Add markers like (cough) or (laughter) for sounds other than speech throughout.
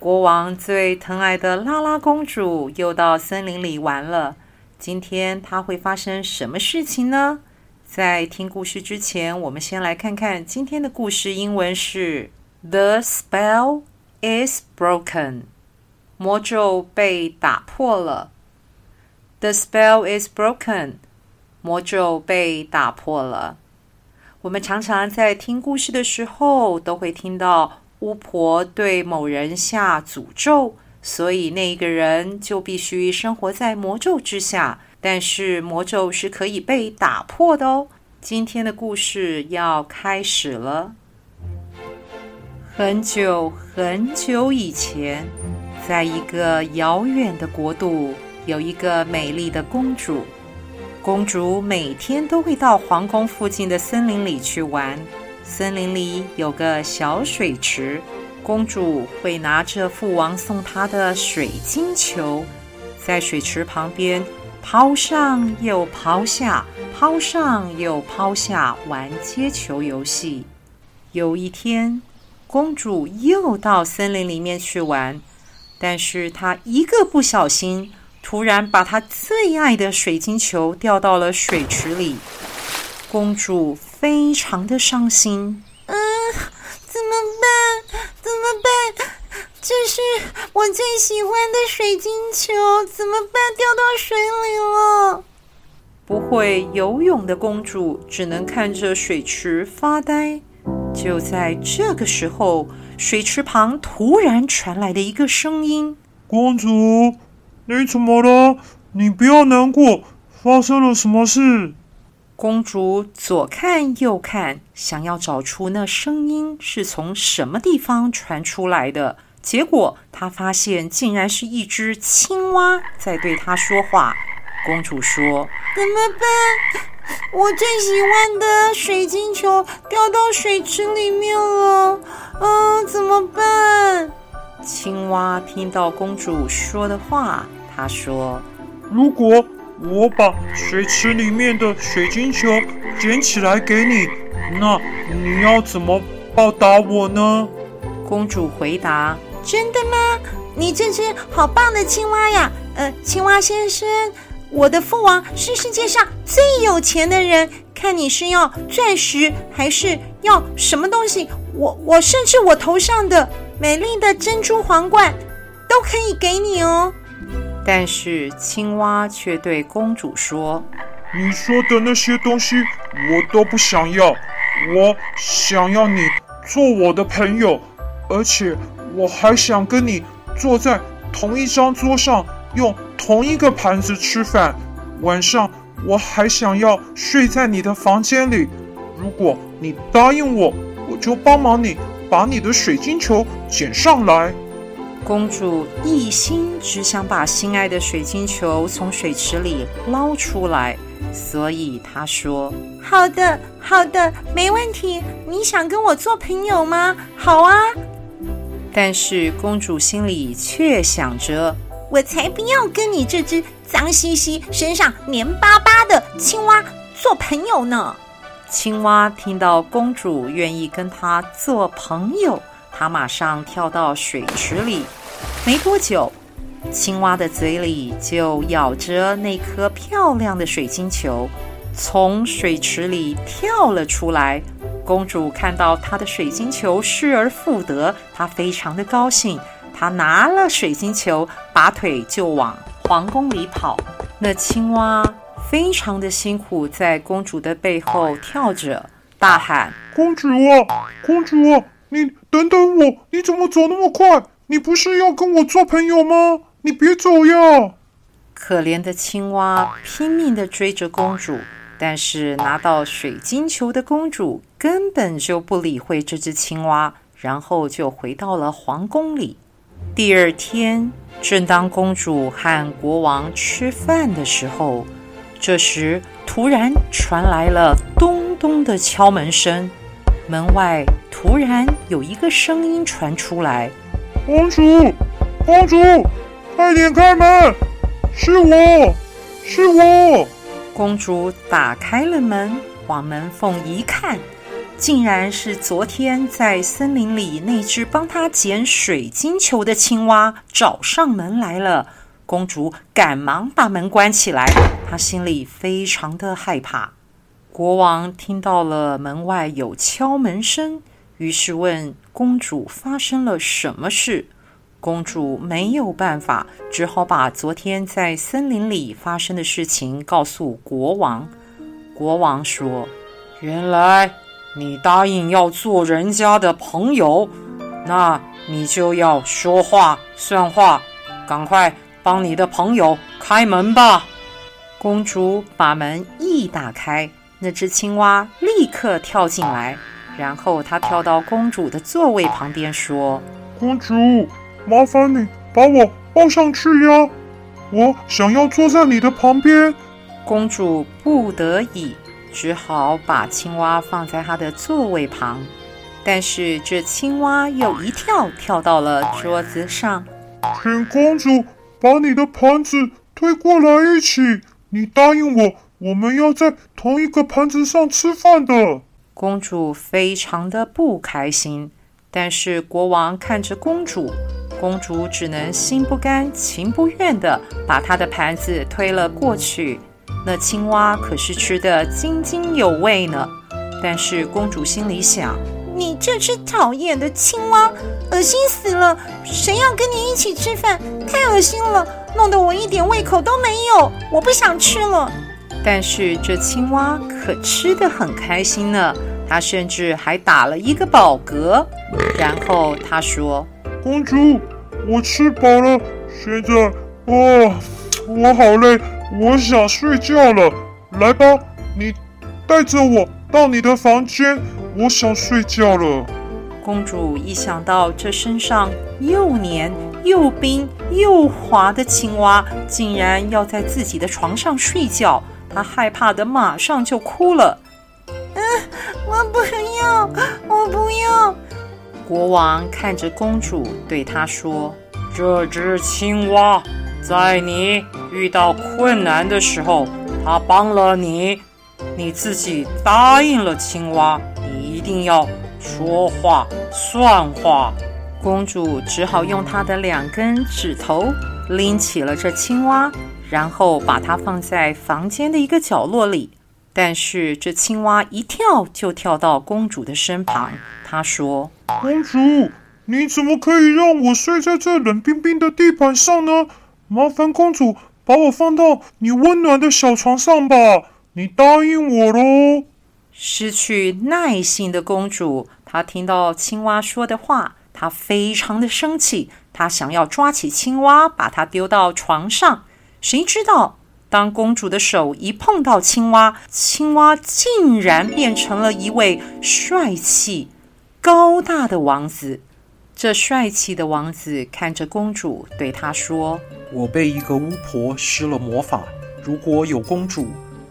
國王最疼愛的拉拉公主又到森林裡玩了。今天她會發生什麼事情呢？在聽故事之前，我們先來看看今天的故事。英文是：The spell is broken，魔咒被打破了。The spell is broken，魔咒被打破了。我們常常在聽故事的時候都會聽到。巫婆對某人下詛咒，所以那個人就必須生活在魔咒之下。但是魔咒是可以被打破的哦。今天的故事要開始了。很久很久以前，在一個遙遠的國度，有一個美麗的公主。公主每天都會到皇宮附近的森林裡去玩。森林裡有個小水池，公主會拿着父王送她的水晶球，在水池旁邊拋上又拋下，拋上又拋下，玩接球遊戲。有一天，公主又到森林裡面去玩，但是她一個不小心，突然把她最愛的水晶球掉到了水池裡。公主非常的傷心。嗯，怎麼辦？怎麼辦？這是我最喜歡的水晶球，怎麼辦？掉到水裡了。不會游泳的公主只能看着水池發呆。就在這個時候，水池旁突然傳來的一個聲音：“公主，你怎麼了？你不要難過，發生了什麼事？”公主左看右看，想要找出那聲音是從什麼地方傳出來的。結果，她發現竟然是一隻青蛙在對她說話。公主說：“怎麼辦？我最喜歡的水晶球掉到水池裡面了。嗯，怎麼辦？”青蛙聽到公主說的話，她說：“如果……”我把水池裡面的水晶球撿起來給你，那你要怎麼報答我呢？公主回答：“真的嗎？你這只好棒的青蛙呀！呃，青蛙先生，我的父王是世界上最有錢的人，看你是要鑽石還是要什麼東西，我我甚至我頭上的美麗的珍珠皇冠都可以給你哦。”但是青蛙卻對公主說：“你說的那些東西我都不想要，我想要你做我的朋友，而且我還想跟你坐在同一張桌上，用同一個盤子吃飯。晚上我還想要睡在你的房間裡。如果你答應我，我就幫忙你把你的水晶球撿上來。”公主一心只想把心愛的水晶球從水池裡撈出來，所以她說：“好的，好的，沒問題。你想跟我做朋友嗎？好啊。”但是公主心裡卻想着：“我才不要跟你這隻髒兮兮、身上黏巴巴的青蛙做朋友呢！”青蛙聽到公主願意跟他做朋友，它馬上跳到水池裡。沒多久，青蛙的嘴裡就咬着那顆漂亮的水晶球，從水池裡跳了出來。公主看到她的水晶球失而復得，她非常的高興。她拿了水晶球，拔腿就往皇宮裡跑。那青蛙非常的辛苦，在公主的背後跳着，大喊：“公主啊，公主啊，你等等我！你怎麼走那麼快？”你不是要跟我做朋友嗎？你別走呀！可憐的青蛙拼命地追着公主，但是拿到水晶球的公主根本就不理會這隻青蛙，然後就回到了皇宮裡。第二天，正當公主和國王吃飯的時候，這時突然傳來了咚咚的敲門聲，門外突然有一個聲音傳出來。公主，公主，快點開門！是我，是我。公主打開了門，往門縫一看，竟然是昨天在森林裡那隻幫她撿水晶球的青蛙找上門來了。公主趕忙把門關起來，她心裡非常的害怕。國王聽到了門外有敲門聲。於是問公主發生了什麼事，公主沒有辦法，只好把昨天在森林裡發生的事情告訴國王。國王說：“原來你答應要做人家的朋友，那你就要說話算話，趕快幫你的朋友開門吧。”公主把門一打開，那只青蛙立刻跳進來。啊！然後他跳到公主的座位旁邊，說：“公主，麻煩你把我抱上去呀！我想要坐在你的旁邊。”公主不得已，只好把青蛙放在她的座位旁。但是這青蛙又一跳，跳到了桌子上。請公主把你的盤子推過來一起。你答應我，我們要在同一個盤子上吃飯的。公主非常的不開心，但是國王看着公主，公主只能心不甘情不願的把她的盤子推了過去。那青蛙可是吃得津津有味呢。但是公主心裡想：你這隻討厭的青蛙，噁心死了！誰要跟你一起吃飯？太噁心了，弄得我一點胃口都沒有，我不想吃了。但是這青蛙可吃得很開心呢。他甚至還打了一個飽嗝，然後他說：“公主，我吃飽了，現在我、哦、我好累，我想睡覺了。來吧，你帶着我到你的房間，我想睡覺了。”公主一想到這身上又黏又冰又滑的青蛙竟然要在自己的床上睡覺，她害怕得馬上就哭了。我不要，我不要！國王看着公主，對她說：“這只青蛙在你遇到困難的時候，它幫了你。你自己答應了青蛙，你一定要說話算話。”公主只好用她的兩根指頭拎起了這青蛙，然後把它放在房間的一個角落裡。但是這青蛙一跳就跳到公主的身旁，她說：“公主，你怎麼可以讓我睡在這冷冰冰的地板上呢？麻煩公主把我放到你溫暖的小床上吧，你答應我嘍。”失去耐心的公主，她聽到青蛙說的話，她非常的生氣，她想要抓起青蛙，把它丟到床上。誰知道？當公主的手一碰到青蛙，青蛙竟然變成了一位帥氣、高大的王子。這帥氣的王子看着公主，對他說：“我被一個巫婆施了魔法，如果有公主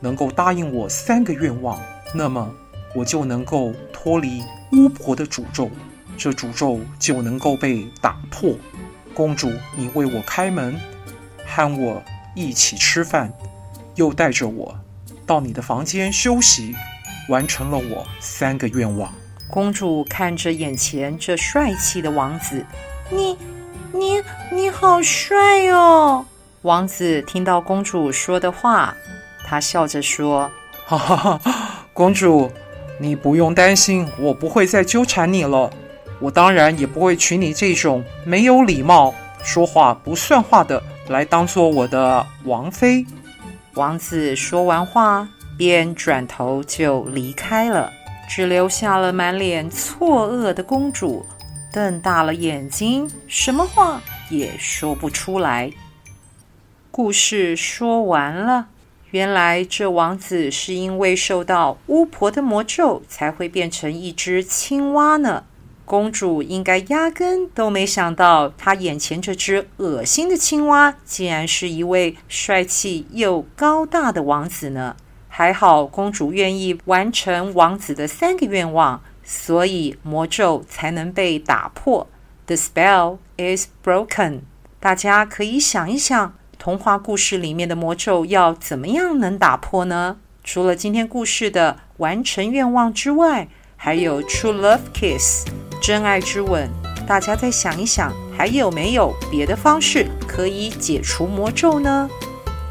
能夠答應我三個願望，那麼我就能夠脫離巫婆的詛咒，這詛咒就能夠被打破。公主，你為我開門，喊我。”一起吃飯，又帶着我到你的房間休息，完成了我三個願望。公主看着眼前這帥氣的王子，你、你、你好帥喲、哦！王子聽到公主說的話，他笑着說：“ (laughs) 公主，你不用擔心，我不會再糾纏你了。我當然也不會娶你這種沒有禮貌、說話不算話的。”來當做我的王妃。王子說完話，便轉頭就離開了，只留下了滿臉錯愕的公主，瞪大了眼睛，什麼話也說不出來。故事說完了，原來這王子是因為受到巫婆的魔咒，才會變成一隻青蛙呢。公主應該壓根都沒想到，她眼前這隻噁心的青蛙竟然是一位帥氣又高大的王子呢。還好公主願意完成王子的三個願望，所以魔咒才能被打破。The spell is broken。大家可以想一想，童話故事裡面的魔咒要怎麼樣能打破呢？除了今天故事的完成願望之外，還有 True Love Kiss。真愛之吻，大家再想一想，還有沒有別的方式可以解除魔咒呢？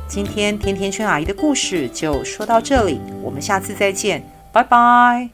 今天甜甜圈阿姨的故事就說到這裡，我們下次再見，拜拜。